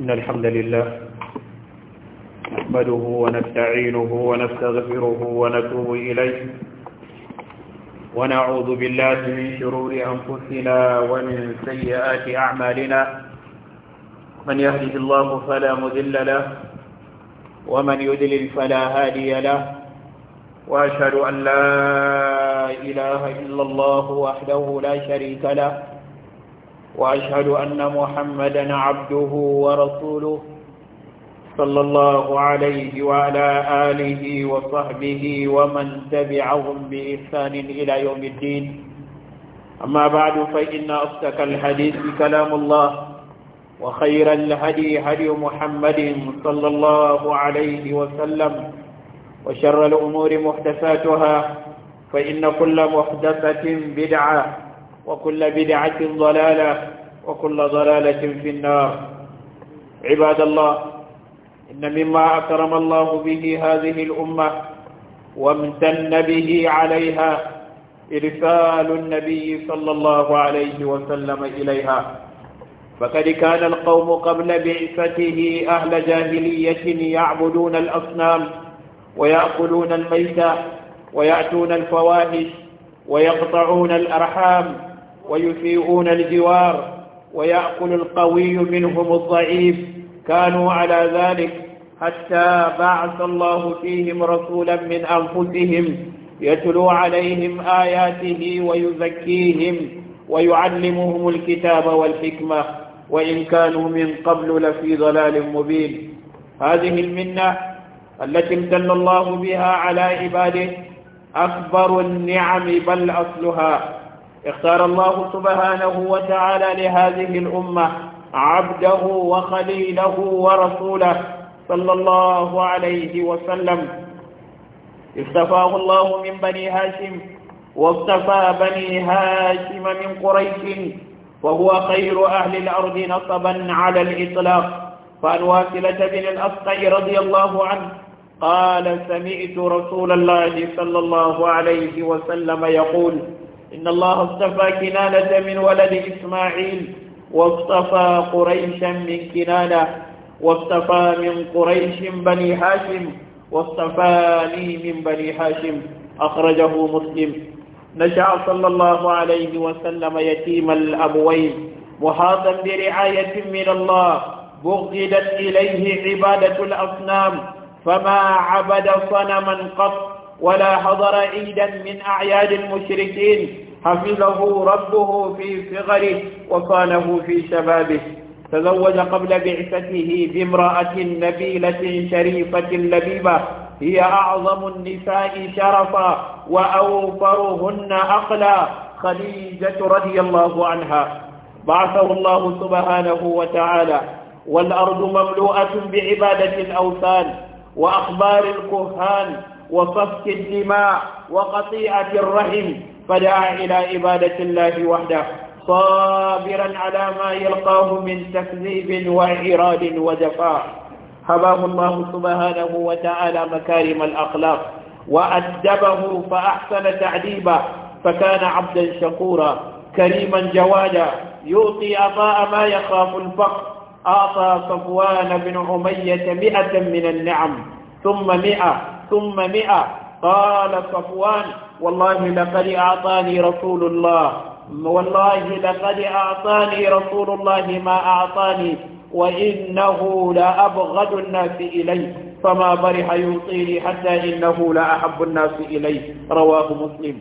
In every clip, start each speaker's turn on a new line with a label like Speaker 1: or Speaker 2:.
Speaker 1: إن الحمد لله نحمده ونستعينه ونستغفره ونتوب إليه ونعوذ بالله من شرور أنفسنا ومن سيئات أعمالنا من يهده الله فلا مذل له ومن يدلل فلا هادي له وأشهد أن لا إله إلا الله وحده لا شريك له وأشهد أن محمدا عبده ورسوله صلى الله عليه وعلى آله وصحبه ومن تبعهم بإحسان إلى يوم الدين أما بعد فإن أصدق الحديث كلام الله وخير الهدي هدي محمد صلى الله عليه وسلم وشر الأمور محدثاتها فإن كل محدثة بدعة وكل بدعة ضلالة وكل ضلالة في النار عباد الله إن مما أكرم الله به هذه الأمة وامتن به عليها إرسال النبي صلى الله عليه وسلم إليها فقد كان القوم قبل بعثته أهل جاهلية يعبدون الأصنام ويأكلون الميتة ويأتون الفواحش ويقطعون الأرحام ويسيئون الجوار ويأكل القوي منهم الضعيف كانوا على ذلك حتى بعث الله فيهم رسولا من أنفسهم يتلو عليهم آياته ويزكيهم ويعلمهم الكتاب والحكمة وإن كانوا من قبل لفي ضلال مبين هذه المنة التي امتن الله بها على عباده أكبر النعم بل أصلها اختار الله سبحانه وتعالى لهذه الأمة عبده وخليله ورسوله صلى الله عليه وسلم اختفاه الله من بني هاشم واختفى بني هاشم من قريش وهو خير أهل الأرض نصبا على الإطلاق فعن واسلة بن الأسقع رضي الله عنه قال سمعت رسول الله صلى الله عليه وسلم يقول إن الله اصطفى كنانة من ولد إسماعيل واصطفى قريشا من كنانة واصطفى من قريش بني هاشم واصطفاني من بني هاشم أخرجه مسلم نشأ صلى الله عليه وسلم يتيم الأبوين محاطا برعاية من الله بغدت إليه عبادة الأصنام فما عبد صنما قط ولا حضر عيدا من أعياد المشركين حفظه ربه في صغره وصانه في شبابه تزوج قبل بعثته بامرأة نبيلة شريفة لبيبة هي أعظم النساء شرفا وأوفرهن عقلا خديجة رضي الله عنها بعثه الله سبحانه وتعالى والأرض مملوءة بعبادة الأوثان وأخبار الكهان وصفك الدماء وقطيعة الرحم فدعا إلى عبادة الله وحده صابرا على ما يلقاه من تكذيب وإراد ودفاع هباه الله سبحانه وتعالى مكارم الأخلاق وأدبه فأحسن تعذيبه فكان عبدا شكورا كريما جوادا يعطي عطاء ما يخاف الفقر أعطى صفوان بن عمية مئة من النعم ثم مئة ثم مئة قال صفوان والله لقد أعطاني رسول الله والله لقد أعطاني رسول الله ما أعطاني وإنه لأبغض الناس إليه فما برح يوصيني حتى إنه لأحب الناس إليه رواه مسلم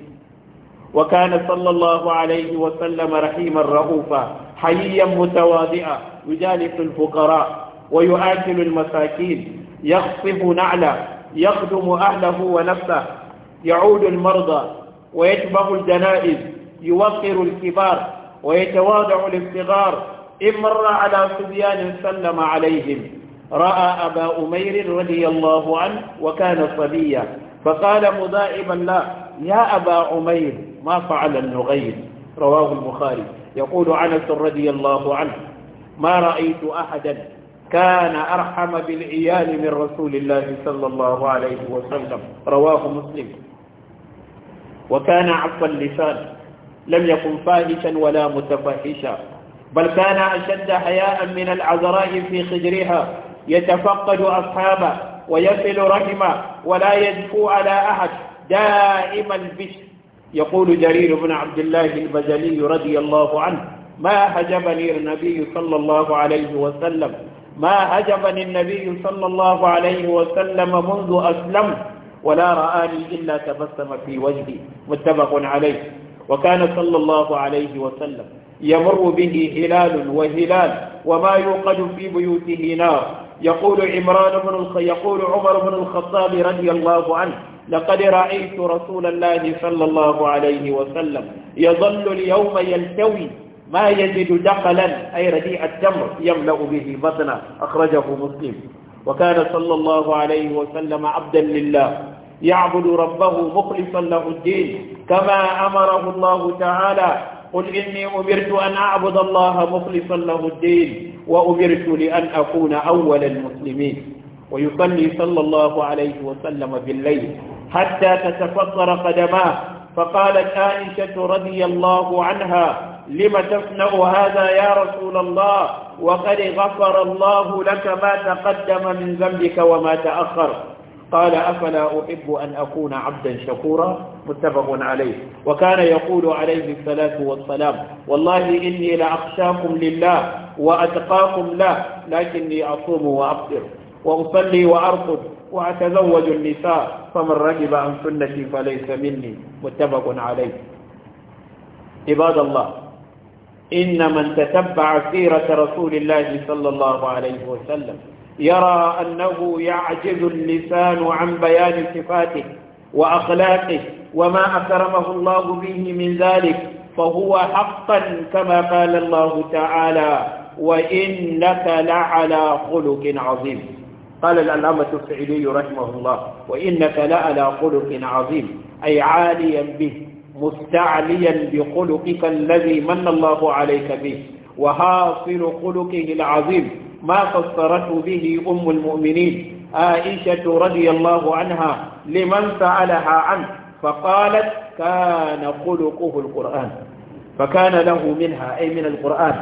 Speaker 1: وكان صلى الله عليه وسلم رحيما رؤوفا حييا متواضعا يجالس الفقراء ويؤاكل المساكين يخصف نعله يخدم أهله ونفسه يعود المرضى ويتبع الجنائز يوقر الكبار ويتواضع الابتغار إن مر على صبيان سلم عليهم رأى أبا أمير رضي الله عنه وكان صبيا فقال مذائبا لا يا أبا أمير ما فعل النغير رواه البخاري يقول عنس رضي الله عنه ما رأيت أحدا كان أرحم بالعيال من رسول الله صلى الله عليه وسلم رواه مسلم وكان عفو اللسان لم يكن فاحشا ولا متفحشا بل كان أشد حياء من العذراء في خدرها يتفقد أصحابه ويصل رحمه ولا يدفو على أحد دائما بش يقول جرير بن عبد الله البجلي رضي الله عنه ما هجبني النبي صلى الله عليه وسلم ما هجبني النبي صلى الله عليه وسلم منذ أسلمت ولا رآني إلا تبسم في وجهي متفق عليه وكان صلى الله عليه وسلم يمر به هلال وهلال وما يوقد في بيوته نار يقول عمران بن يقول عمر بن الخطاب رضي الله عنه لقد رأيت رسول الله صلى الله عليه وسلم يظل اليوم يلتوي ما يجد دقلا أي رديء التمر يملأ به بطنه أخرجه مسلم وكان صلى الله عليه وسلم عبدا لله يعبد ربه مخلصا له الدين كما أمره الله تعالى قل إني أمرت أن أعبد الله مخلصا له الدين وأمرت لأن أكون أول المسلمين ويصلي صلى الله عليه وسلم بالليل حتى تتفطر قدماه فقالت عائشة رضي الله عنها لم تصنع هذا يا رسول الله وقد غفر الله لك ما تقدم من ذنبك وما تأخر قال أفلا أحب أن أكون عبدا شكورا متفق عليه وكان يقول عليه الصلاة والسلام والله إني لأخشاكم لله وأتقاكم له لكني أصوم وأفطر وأصلي وأرقد وأتزوج النساء فمن رجب عن سنتي فليس مني متفق عليه عباد الله إن من تتبع سيرة رسول الله صلى الله عليه وسلم يرى أنه يعجز اللسان عن بيان صفاته وأخلاقه وما أكرمه الله به من ذلك فهو حقا كما قال الله تعالى وإنك لعلى خلق عظيم قال العلامة السعيدي رحمه الله وإنك لعلى خلق عظيم أي عاليا به مستعليا بخلقك الذي من الله عليك به وحاصل خلقه العظيم ما فسرته به أم المؤمنين عائشة رضي الله عنها لمن سألها عنه فقالت كان خلقه القرآن فكان له منها أي من القرآن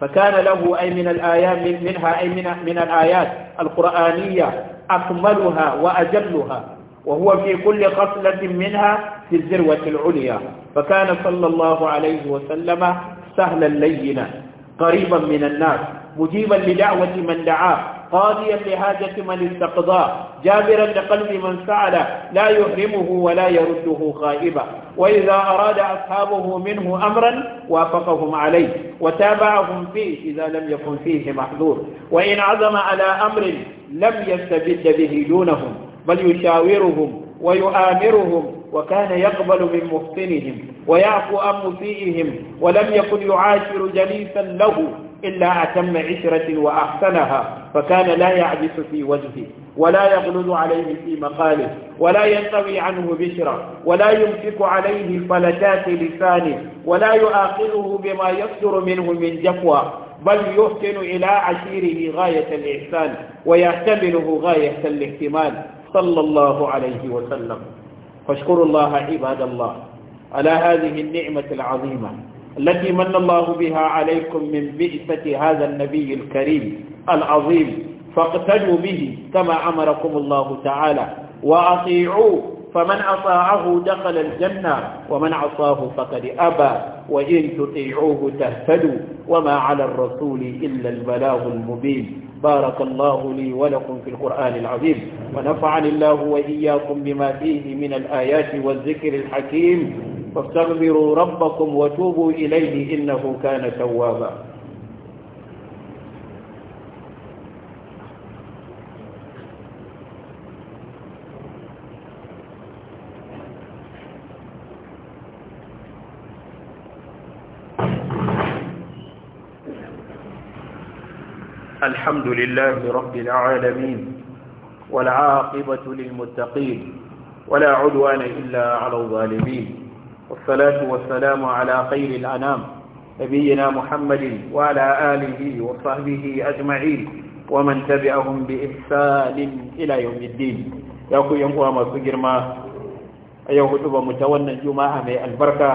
Speaker 1: فكان له أي من الآيات منها أي من, من الآيات القرآنية أكملها وأجلها وهو في كل خصلة منها في الذروة العليا فكان صلى الله عليه وسلم سهلا لينا قريبا من الناس مجيبا لدعوة من دعاه قاضيا لحاجة من استقضاه جابرا لقلب من سعل لا يهرمه ولا يرده خائبا وإذا أراد أصحابه منه أمرا وافقهم عليه وتابعهم فيه إذا لم يكن فيه محظور وإن عزم على أمر لم يستبد به دونهم بل يشاورهم ويؤامرهم وكان يقبل من محسنهم ويعفو عن مسيئهم ولم يكن يعاشر جليسا له إلا أتم عشرة وأحسنها فكان لا يعبس في وجهه ولا يغلظ عليه في مقاله ولا ينطوي عنه بشرة ولا يمسك عليه فلتات لسانه ولا يؤاخذه بما يصدر منه من جفوى بل يحسن إلى عشيره غاية الإحسان ويحتمله غاية الاحتمال صلى الله عليه وسلم فاشكروا الله عباد الله على هذه النعمة العظيمة التي من الله بها عليكم من بئسة هذا النبي الكريم العظيم فاقتدوا به كما أمركم الله تعالى وأطيعوه فمن أطاعه دخل الجنة ومن عصاه فقد أبى وإن تطيعوه تهتدوا وما على الرسول إلا البلاغ المبين بارك الله لي ولكم في القرآن العظيم ونفعني الله وإياكم بما فيه من الآيات والذكر الحكيم فاستغفروا ربكم وتوبوا إليه إنه كان توابا الحمد لله رب العالمين والعاقبة للمتقين ولا عدوان إلا على الظالمين والصلاة والسلام على خير الأنام نبينا محمد وعلى آله وصحبه أجمعين ومن تبعهم بإحسان إلى يوم الدين يقول يوم قوام سجر ما أيوه تبا متونا الجمعة من البركة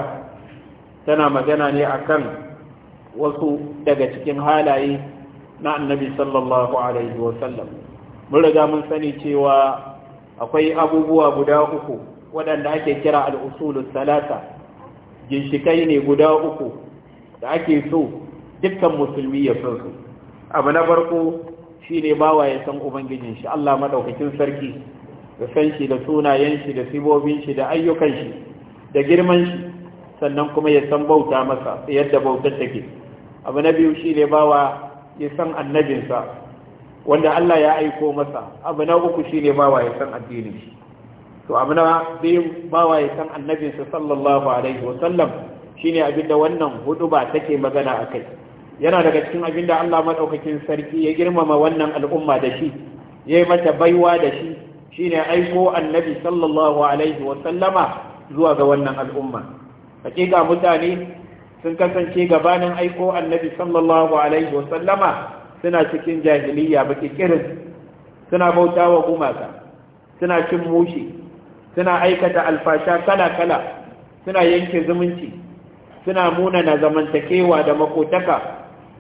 Speaker 1: تنا مجانا لأكل wasu daga cikin halaye na annabi sallallahu alaihi wasallam mun riga mun sani cewa akwai abubuwa guda uku waɗanda ake kira al'usulun salata ginshikai ne guda uku da ake so dukkan musulmi ya san su abu na farko shine bawa ya san ubangijin shi Allah madaukakin sarki da san shi da sunayen shi da sibobin shi da ayyukan shi da girman shi sannan kuma ya san bauta masa yadda bautar take abu na biyu ne bawa ya san annabinsa wanda Allah ya aiko masa abu na uku shine bawa ya san addinin shi to abu na biyu bawa ya san annabinsa sallallahu alaihi wasallam shine abinda wannan huduba take magana a kai yana daga cikin abinda Allah madaukakin sarki ya girmama wannan al'umma da shi yayi mata baiwa da shi shine aiko annabi sallallahu alaihi wasallama zuwa ga wannan al'umma hakika mutane sun kasance gabanin aiko annabi sallallahu alaihi sallama suna cikin jahiliya baki kirin suna bauta wa gumaka suna cin mushi suna aikata alfasha kala-kala suna yanke zumunci suna munana zamantakewa da makotaka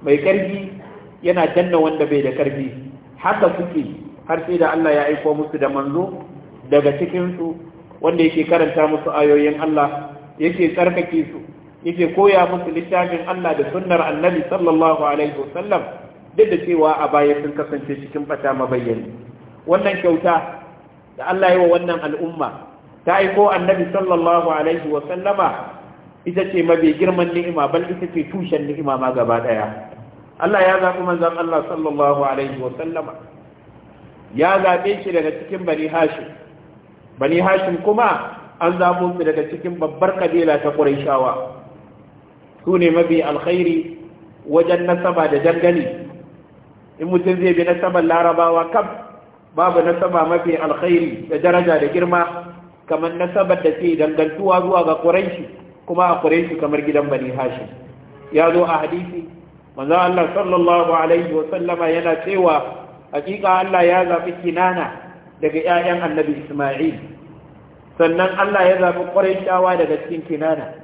Speaker 1: mai karfi yana danna wanda bai da karfi haka suke har sai da Allah ya aiko musu da manzo daga cikinsu wanda yake karanta musu ayoyin Allah yake tsarkake su yake koya musu littafin Allah da sunnar annabi sallallahu alaihi wasallam duk da cewa a baya sun kasance cikin fata mabayyani wannan kyauta da Allah yi wa wannan al'umma ta aiko annabi sallallahu alaihi wasallama ita ce mabe girman ni'ima bal ita ce tushen ni'ima ma gaba daya Allah ya zaɓi manzon Allah sallallahu alaihi wasallama ya zaɓe shi daga cikin bani hashim bani hashim kuma an zaɓo shi daga cikin babbar kabila ta Qurayshawa su ne mafi alkhairi wajen nasaba da dangane. in mutum zai bi nasabar larabawa kam babu nasaba mafi alkhairi da daraja da girma kamar nasabar da ke dangantuwa zuwa ga ƙuraishi kuma a ƙuraishi kamar gidan bani hashim ya zo a hadisi manzo Allah sallallahu alaihi wa sallama yana cewa hakika Allah ya zabi kinana daga ƴaƴan annabi Isma'il sannan Allah ya zaɓi ƙuraishawa daga cikin kinana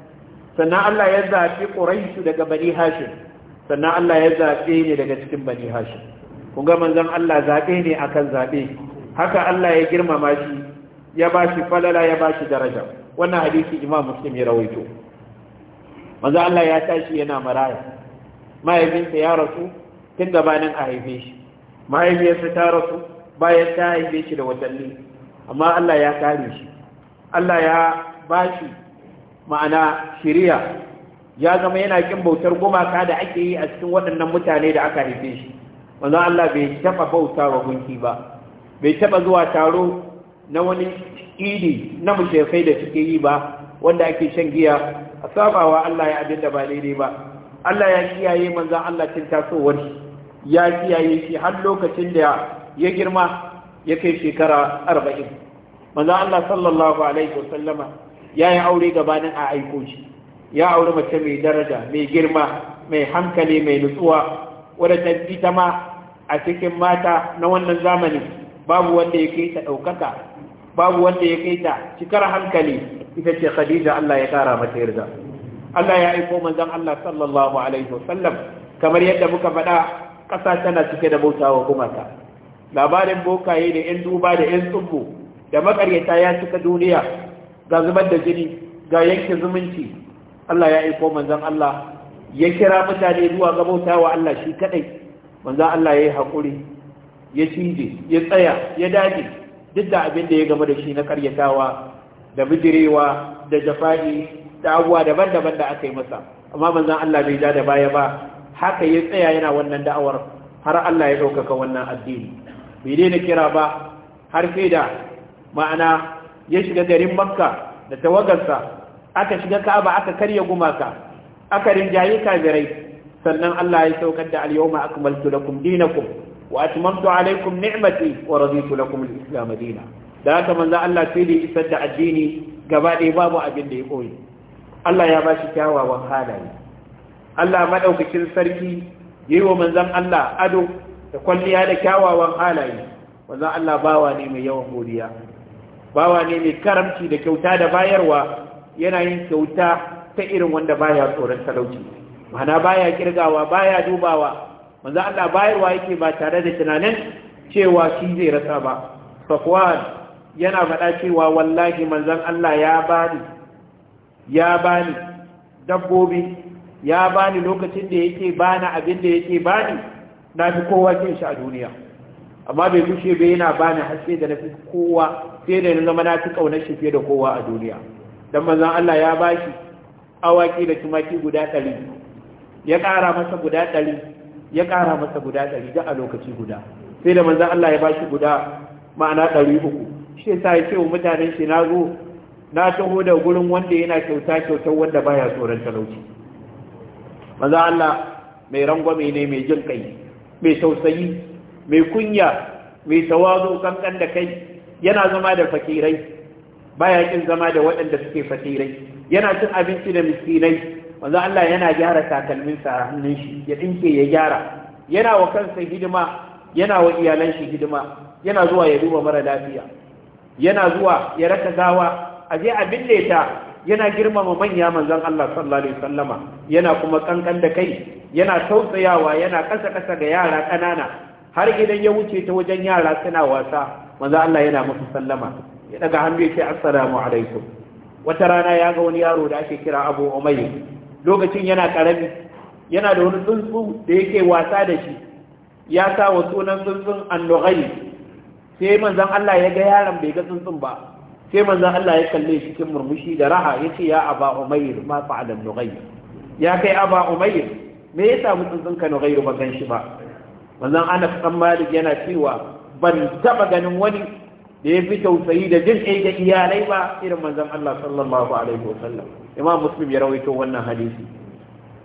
Speaker 1: sannan Allah ya zaɓi ƙuraisu daga bani hashim sannan Allah ya zaɓe ne daga cikin bani hashim kun ga manzan Allah zaɓe ne akan zaɓe haka Allah ya girmama shi ya ba shi falala ya ba shi daraja wannan hadisi imam muslim ya rawaito manzan Allah ya tashi yana maraya mahaifinsa ya rasu tun gabanin a haife shi mahaifiyarsa ta rasu bayan ta haife shi da watanni amma Allah ya kare shi Allah ya ba shi ma'ana shiriya ya zama yana kin bautar gumaka da ake yi a cikin waɗannan mutane da aka haife shi wanda Allah bai taba bauta wa gunki ba bai taɓa zuwa taro na wani idi na mushefai da suke yi ba wanda ake shan giya a sabawa Allah ya abinda ba daidai ba Allah ya kiyaye manzo Allah cin tasowar ya kiyaye shi har lokacin da ya girma ya kai shekara 40 manzo Allah sallallahu alaihi wasallama ya yi aure gabanin a aiko shi ya aure mace mai daraja mai girma mai hankali mai nutsuwa wadda ita ma a cikin mata na wannan zamani babu wanda ya kai ta ɗaukaka babu wanda ya kai ta cikar hankali ita ce khadija Allah ya kara mata yarda Allah ya aiko manzon Allah sallallahu alaihi wasallam kamar yadda muka faɗa ƙasa tana cike da bautawa ta labarin bokaye da ƴan duba da ƴan tsubbu da makaryata ya cika duniya ga zubar da jini ga yanke zumunci Allah ya aiko manzan Allah ya kira mutane zuwa ga wa Allah shi kadai manzan Allah ya yi haƙuri, ya cije ya tsaya ya dage duk da abin da ya gama da shi na karyatawa da bijirewa da jafa'i da abuwa daban-daban da aka yi masa amma manzan Allah bai ja da baya ba haka ya tsaya yana wannan da'awar har Allah ya ɗaukaka wannan addini bai daina kira ba har sai da ma'ana ya shiga garin makka da tawagarsa aka shiga ka'aba aka karya gumaka aka rinjaye kafirai sannan Allah ya saukar da al-yawma akmaltu lakum dinakum wa atmamtu alaykum ni'mati wa raditu lakum al-islam dinan da haka manzo Allah sai da isar da addini gaba ɗaya babu abin da ya koyi Allah ya bashi kyawawan halaye Allah madaukakin sarki yayi wa manzon Allah ado da kwalliya da kyawawan halaye manzo Allah bawa ne mai yawan godiya bawa ne mai karamci da kyauta da bayarwa yana yin kyauta ta irin wanda baya tsoron talauci ma'ana baya kirgawa baya dubawa manzo Allah bayarwa yake ba tare da tunanin cewa shi zai rasa ba safwan yana faɗa cewa wallahi manzon Allah ya bani ya bani dabbobi ya bani lokacin da yake bani abin da yake bani na fi kowa kin shi a duniya amma bai gushe bai yana ba bani haske da nafi kowa sai da na zama na fi kaunar shi fiye da kowa a duniya dan manzon Allah ya bashi awaki da tumaki guda ɗari ya ƙara masa guda ɗari ya ƙara masa guda ɗari da a lokaci guda sai da manzon Allah ya ba bashi guda ma'ana uku shi yasa ya ce wa mutanen shi na zo na taho da gurin wanda yana kyauta kyautar wanda baya tsoron talauci manzon Allah mai rangwame ne mai jin kai mai tausayi mai kunya mai tawazu kankan da kai yana zama da fakirai baya kin zama da waɗanda suke fakirai yana cin abinci da miskinai wanzu Allah yana gyara takalminsa a hannun shi ya dinke ya gyara yana wa kansa hidima yana wa iyalan shi hidima yana zuwa ya duba mara lafiya yana zuwa ya raka gawa a je a binne ta yana girmama manya manzon Allah sallallahu alaihi wasallama yana kuma kankan da kai yana tausayawa yana kasa kasa ga yara ƙanana. har idan ya wuce ta wajen yara suna wasa manzo Allah yana musu sallama ya daga hannu yake assalamu alaikum wata rana ya ga wani yaro da ake kira Abu Umayr lokacin yana karami yana da wani tsuntsu da yake wasa da shi ya sa wa sunan tsuntsun annughai sai manzon Allah ya ga yaron bai ga tsuntsun ba sai manzon Allah ya kalle shi cikin murmushi da raha yace ya Aba Umayr ma fa'ala annughai ya kai Aba Umayr me ya samu tsuntsun ka annughai ba gan shi ba Manzan Anas dan Malik yana cewa ban taba ganin wani da ya fi tausayi da jin kai da iyalai ba irin manzan Allah sallallahu alaihi wasallam Imam Muslim ya rawaito wannan hadisi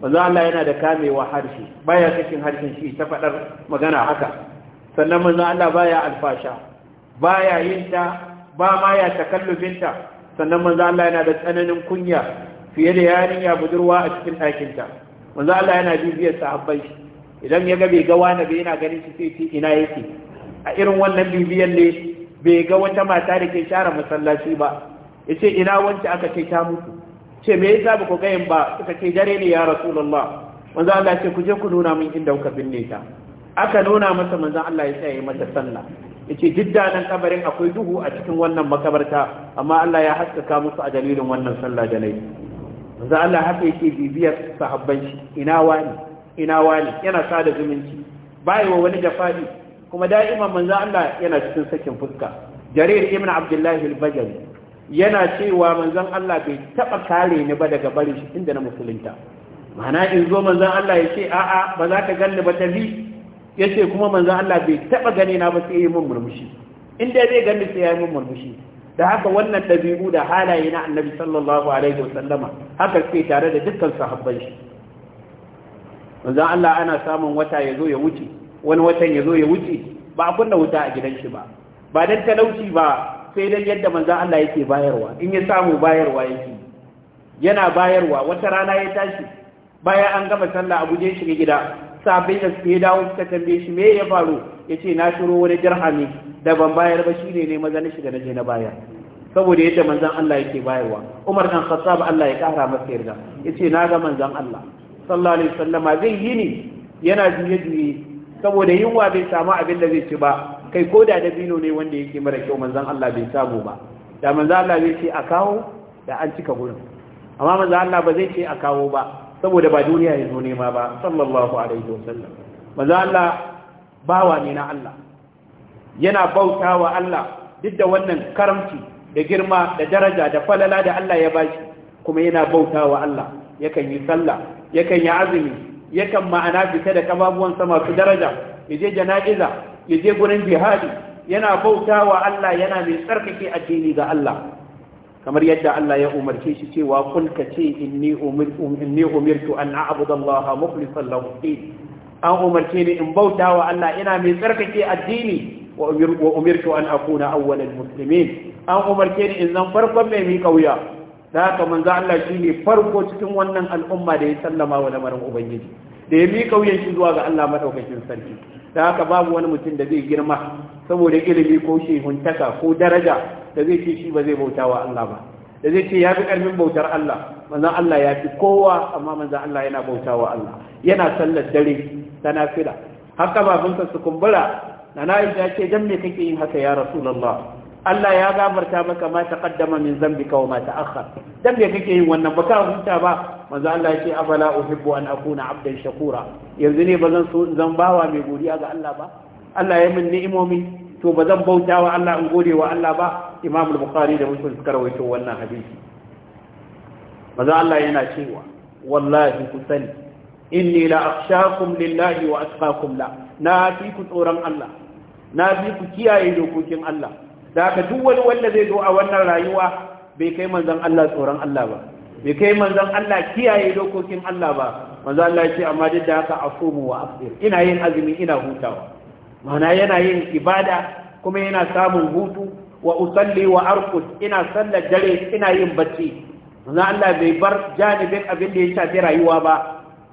Speaker 1: manzon Allah yana da kamewa harshe baya cikin harshen shi ta faɗar magana haka sannan manzan Allah baya alfasha baya yinta, ba ma ya sannan manzan Allah yana da tsananin kunya fiye da yarinya budurwa a cikin ɗakinta Manzan Allah yana bibiyar sahabbai idan ya ga bai ga wani bai yana ganin shi sai ina yake a irin wannan bibiyan ne bai ga wata mata da ke share masallaci ba yace ina wance aka ce ta mutu ce me yasa ba ku ga yin ba suka ce dare ne ya rasulullah manzo Allah ce ku je ku nuna min inda kuka binne ta aka nuna masa manzo Allah ya sa yayi mata sallah yace jidda nan kabarin akwai duhu a cikin wannan makabarta amma Allah ya haskaka musu a dalilin wannan sallah da nayi manzo Allah haka yake bibiyar sahabban shi ina wani ina wani yana sada zumunci bai wa wani jafadi kuma da'ima manzo Allah yana cikin sakin fuska jarir ibn abdullah al-bajali yana cewa manzon Allah bai taba kare ni ba daga barin shi inda na musulunta mana in zo manzon Allah ya ce a'a ba za ka ganni ba tafi yace kuma manzan Allah bai taba gani na ba sai yi mun murmushi inda zai ganni sai ya yi mun murmushi da haka wannan dabi'u da halaye na annabi sallallahu alaihi wasallama haka sai tare da dukkan sahabban shi Manzan Allah ana samun wata ya zo ya wuce wani watan ya zo ya wuce ba a kunna wuta a gidan shi ba ba dan talauci ba sai don yadda manzan Allah yake bayarwa in ya samu bayarwa yake yana bayarwa wata rana ya tashi bayan an gama sallah abu je shiga gida sabbin da suke dawo suka tambaye shi me ya faru Ya ce na shiro wani dirhami da ban bayar ba shine ne maza na shiga na je na bayar saboda yadda manzan Allah yake bayarwa Umar dan Khattab Allah ya kara masa yarda yace na ga manzan Allah sallallahu alaihi wasallama zai yi ni yana juye-juye saboda yunwa bai samu abin da zai ci ba kai ko da dabino ne wanda yake mara kyau manzan Allah bai samu ba da manzan Allah zai ce a kawo da an cika gurin amma manzan Allah ba zai ce a kawo ba saboda ba duniya ya zo nema ba sallallahu alaihi wasallam manzan Allah bawa ne na Allah yana bauta wa Allah duk da wannan karamci da girma da daraja da falala da Allah ya bashi kuma yana bauta wa Allah yakan yi sallah yakan yi azumi yakan ma'ana fita da kababuwansa masu daraja ya je jana'iza ya je gurin jihadi yana bauta wa Allah yana mai tsarkake addini ga Allah kamar yadda Allah ya umarce shi cewa kul ka ce inni um, umirtu an a'budu Allah mukhlishan lahu din an umarce ni in bauta wa Allah ina mai tsarkake addini wa umirtu an akuna awwalal muslimin an umarce ni in zan farkon mai mi kauya da haka manzo Allah shi ne farko cikin wannan al'umma da ya sallama wa lamarin ubangiji da ya miƙa wuyan shi zuwa ga Allah madaukakin sarki da haka babu wani mutum da zai girma saboda ilimi ko shehuntaka ko daraja da zai ce shi ba zai bauta wa Allah ba da zai ce ya fi ƙarfin bautar Allah manzo Allah ya fi kowa amma manzo Allah yana bauta wa Allah yana sallar dare ta nafila haka babansa su kumbura na na'isha ce dan me kake yin haka ya rasulullah Allah ya gafarta maka ma taqaddama min zambika wa ma ta'akhkhar dan me kake yin wannan baka huta ba manzo Allah ya ce afala uhibbu an akuna abdan shakura yanzu ne bazan so zan bawa mai godiya ga Allah ba Allah ya min ni'imomi to bazan bauta wa Allah in gode wa Allah ba Imam al-Bukhari da Muslim suka rawaito wannan hadisi manzo Allah yana cewa wallahi ku sani inni la akhshakum lillahi wa atqakum la na fi ku tsoron Allah na fi ku kiyaye dokokin Allah da haka duk wani wanda zai zo a wannan rayuwa bai kai manzan Allah tsoron Allah ba bai kai manzan Allah kiyaye dokokin Allah ba manzon Allah ya ce amma duk da haka asumu wa afdir ina yin azumi ina hutawa mana yana yin ibada kuma yana samun hutu wa usalli wa arqud ina sallar dare ina yin bacci manzon Allah bai bar janibin abin da ya shafi rayuwa ba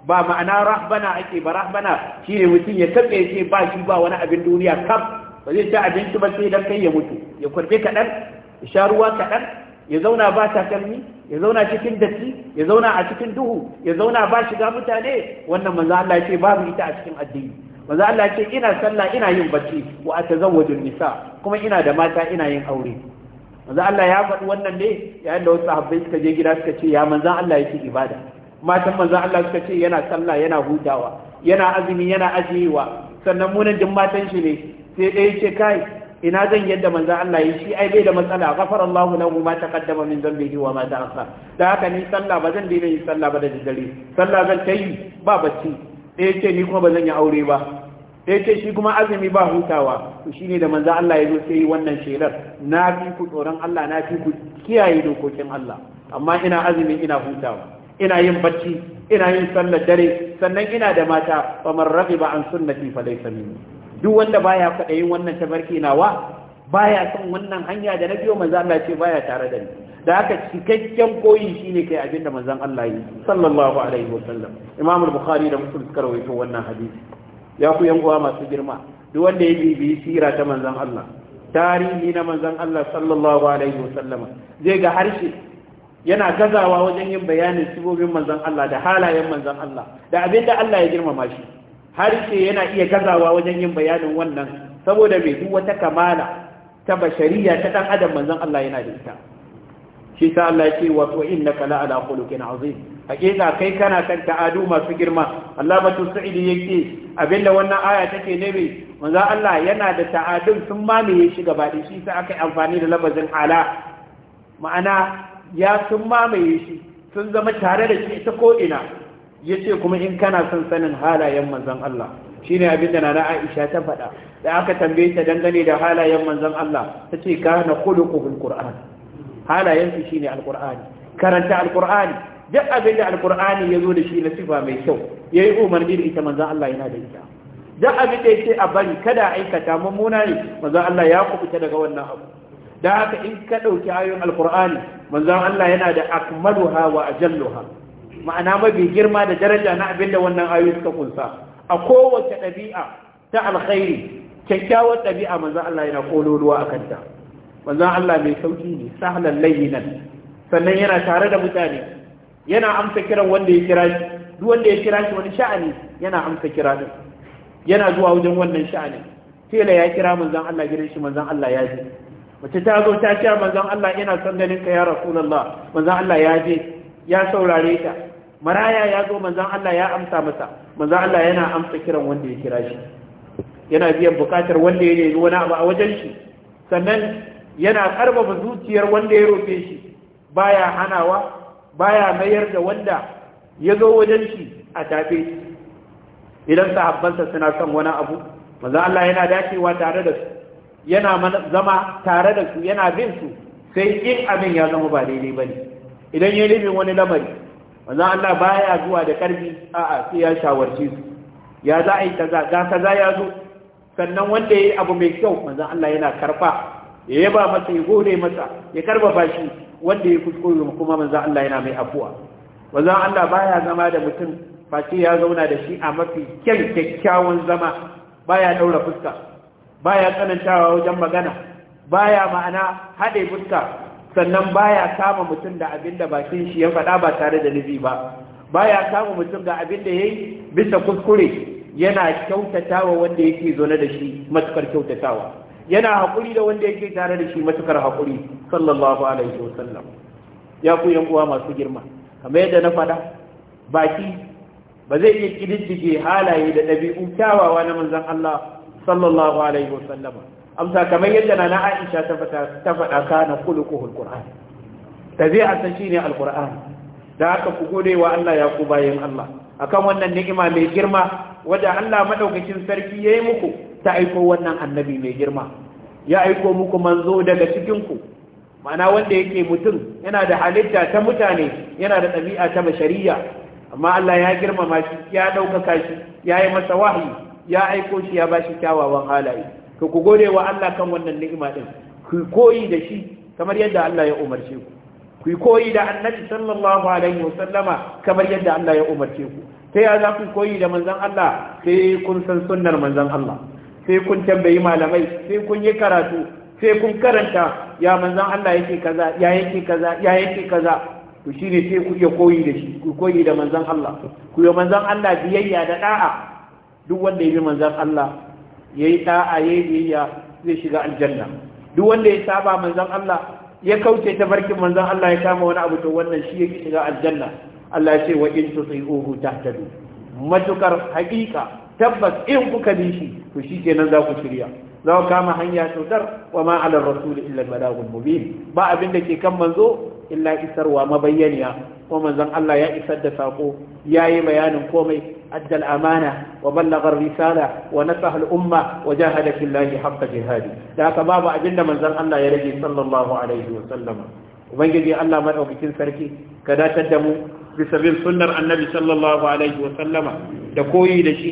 Speaker 1: ba ma'ana rahbana ake ba rahbana shine mutum ya tabe ce ba shi ba wani abin duniya kaf ba zai ci abinci ba sai dan kai ya mutu ya kurbe kaɗan ya sha ruwa kaɗan ya zauna ba takalmi ya zauna cikin datti ya zauna a cikin duhu ya zauna ba shiga mutane wannan manzo Allah ya ce babu ita a cikin addini manzo Allah ya ce ina sallah ina yin bacci wa atazawwaju nisa kuma ina da mata ina yin aure manzo Allah ya faɗi wannan ne yayin da wasu sahabbai suka je gida suka ce ya manzo Allah yake ibada matan manzo Allah suka ce yana sallah yana hutawa yana azumi yana ajiyewa sannan munin din matan shi ne sai ɗaya ce kai ina zan yadda manzan Allah yi shi ai bai da matsala ghafara Allah lahu ma taqaddama min dhanbihi wa ma da haka ni sallah ba zan daina yin sallah ba da daddare sallah zan ta ba bacci ɗaya ce ni kuma ba zan yi aure ba ɗaya ce shi kuma azumi ba hutawa to shine da manzan Allah ya zo sai yi wannan shelar na fi ku tsoron Allah na fi ku kiyaye dokokin Allah amma ina azumi ina hutawa ina yin bacci ina yin sallar dare sannan ina da mata famar ba an sunnati fa laysa minni duk wanda baya kwaɗayin wannan tafarki nawa baya son wannan hanya da na biyo manzan Allah ce baya tare da ni da haka cikakken koyi shine kai abinda manzan Allah yi sallallahu alaihi sallam Imam al-Bukhari da Muslim suka rawaito wannan hadisi ya ku yan uwa masu girma duk wanda ya bibiyi sira ta manzan Allah tarihi na manzan Allah sallallahu alaihi sallam. zai ga harshe yana gazawa wajen yin bayanin sibobin manzan Allah da halayen manzan Allah da abinda Allah ya girmama shi Har ce yana iya gazawa wajen yin bayanin wannan saboda mai duk wata kamala ta bashariya ta dan adam manzon Allah yana da ita shi sa Allah ce wa to inna kala ala khuluqin azim hakika kai kana kan ta'adu masu girma Allah batu sa'idi yake abinda wannan aya take nabi manzon Allah yana da ta'adun sun mamaye shi gaba da shi sa aka amfani da labazin ala ma'ana ya sun mamaye shi sun zama tare da shi ta ko ina ya ce kuma in kana son sanin halayen manzan Allah shi ne abinda na na Aisha ta faɗa da aka tambaye ta dangane da halayen manzan Allah ta ce ka na kudu kulukuhun Kur'an halayensu shi ne Al-Ƙur'ani. alƙur'ani karanta alƙur'ani duk abinda alƙur'ani ya zo da shi na sifa mai kyau ya yi umarni da ita manzan Allah yana da ita duk abinda ya ce a bari kada aikata mummuna ne manzan Allah ya kubuta daga wannan abu da haka in ka ɗauki ayoyin alƙur'ani manzan Allah yana da akmaluha wa ajalluha ma'ana mafi girma da daraja na abin da wannan ayoyi suka kunsa a kowace ɗabi'a ta alkhairi kyakkyawar ɗabi'a manzan Allah yana kololuwa a kanta manzan Allah mai sauki ne sahlan layyinan sannan yana tare da mutane yana amsa kiran wanda ya kira shi duk wanda ya kira shi wani sha'ani yana amsa kira din yana zuwa wajen wannan sha'ani tela ya kira manzan Allah gidan shi manzan Allah ya je mace ta zo ta ce manzan Allah yana son ganin ka ya rasulullah manzan Allah ya je ya saurare ta maraya ya zo manzan Allah ya amsa masa manzan Allah yana amsa kiran wanda ya kira shi yana biyan bukatar wanda ya nemi wani abu a wajen shi sannan yana karfafa zuciyar wanda ya rufe shi baya hanawa baya mayar da wanda ya zo wajen shi a tafe idan sahabbansa suna son wani abu manzan Allah yana dacewa tare da su yana zama tare da su yana bin su sai in abin ya zama ba daidai bane idan ya nemi wani lamari Wanzan Allah baya zuwa da karfi a'a sai ya shawarci su ya za a yi kaza ga kaza ya zo sannan wanda ya yi abu mai kyau Wanzan Allah yana karfa ya yaba masa ya gode masa ya karfafa shi wanda ya kuskure kuma wanzan Allah yana mai afuwa Wanzan Allah baya zama da mutum face ya zauna da shi a mafi kyan kyakkyawan zama Ba ya ɗaura fuska Ba ya tsanantawa wajen magana Ba ya ma'ana haɗe fuska sannan baya kama mutum da abin da bakin shi ya faɗa ba tare da nufi ba baya kama mutum da abin da ya yi bisa kuskure yana kyautatawa wanda yake zaune da shi matukar kyautatawa yana haƙuri da wanda yake tare da shi matukar haƙuri sallallahu alaihi wasallam ya ku yan uwa masu girma kamar yadda na faɗa baki ba zai iya kididdige halaye da ɗabi'u kyawawa na manzon Allah sallallahu alaihi wasallam amsa kamar yadda na Aisha ta faɗa ta na kana khuluquhul Qur'an tabi'a ta shine alqur'an da aka ku gode wa Allah ya ku bayan Allah akan wannan ni'ima mai girma wanda Allah madaukakin sarki yayi muku ta aiko wannan annabi mai girma ya aiko muku manzo daga cikin ku ma'ana wanda yake mutum yana da halitta ta mutane yana da ɗabi'a ta bashariya amma Allah ya girmama shi ya ɗaukaka shi ya yi masa wahayi ya aiko shi ya ba shi kyawawan halaye to ku gode wa Allah kan wannan ni'ima din ku koyi da shi kamar yadda Allah ya umarce ku ku koyi da annabi sallallahu alaihi wasallama kamar yadda Allah ya umarce ku ta ya za ku koyi da manzon Allah sai kun san sunnar manzon Allah sai kun tambayi malamai sai kun yi karatu sai kun karanta ya manzon Allah yake kaza ya yake kaza ya yake kaza to shine sai ku iya koyi da shi ku koyi da manzon Allah ku yi manzon Allah biyayya da da'a duk wanda ya bi manzon Allah yayi da'a yayi biyayya zai shiga aljanna duk wanda ya saba manzon Allah ya kauce ta barkin manzon Allah ya kama wani abu to wannan shi yake shiga aljanna Allah ya ce wa in tuti'uhu tahtadu matukar haƙiƙa tabbas in kuka bi shi to shikenan za ku shirya za ku kama hanya sautar wa ma ala rasul illa al-balagul mubin ba abin da ke kan manzo illa isarwa mabayyaniya ko manzon Allah ya isar da sako yayi bayanin komai adda amana wa ballagha risala wa nasaha umma wa jahada fillahi haqqa jihadi da haka babu abinda manzon Allah ya rage sallallahu alaihi wa sallam ubangiji Allah madaukakin sarki ka datar da mu bisa bin sunnar annabi sallallahu alaihi wa sallama da koyi da shi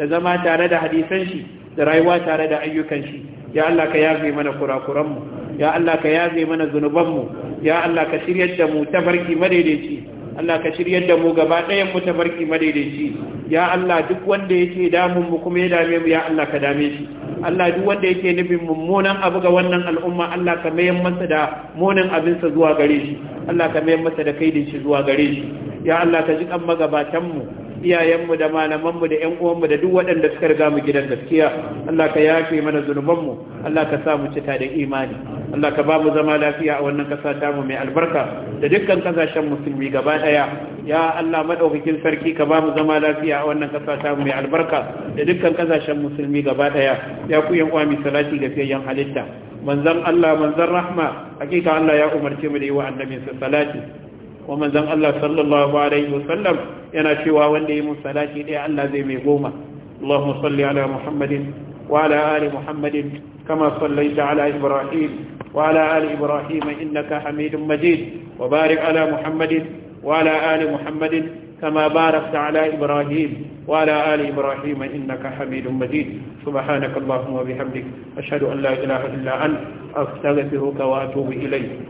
Speaker 1: da zama tare da hadisan shi da rayuwa tare da ayyukan shi ya Allah ka yafe mana kurakuranmu ya Allah ka yafe mana zunubanmu ya Allah ka shiryar da mu tafarki madaidaici Allah ka shiryar da mu gaba ɗayan mu tafarki madaidaici ya Allah duk wanda yake damun mu kuma ya dame mu ya Allah ka dame shi Allah duk wanda yake nufin mummunan abu ga wannan al'umma Allah ka mayar masa da munin abinsa zuwa gare shi Allah ka mayar masa da kaidin shi zuwa gare shi ya Allah ka ji kan magabatan mu iyayenmu da malaman mu, da ƴan uwanmu da duk waɗanda suka riga mu gidan gaskiya Allah ka yafe mana zunubanmu Allah ka sa mu cita da imani Allah ka ba mu zama lafiya a wannan ƙasa ta mu mai albarka da dukkan kasashen musulmi gaba ɗaya ya Allah madaukakin sarki ka ba mu zama lafiya a wannan ƙasa ta mu mai albarka da dukkan kasashen musulmi gaba ɗaya ya ku yan uwa mi salati ga fiyayyen halitta manzon Allah manzon rahma hakika Allah ya umarce mu da yi wa annabinsa salati wa manzon Allah sallallahu alaihi wasallam yana cewa wanda ya yi musallati dai Allah zai mai goma Allahumma salli ala Muhammadin wa ala ali Muhammadin kama sallaita ala Ibrahim وعلى آل إبراهيم إنك حميد مجيد وبارك على محمد وعلى آل محمد كما باركت على إبراهيم وعلى آل إبراهيم إنك حميد مجيد سبحانك اللهم وبحمدك أشهد أن لا إله إلا أنت أستغفرك وأتوب إليك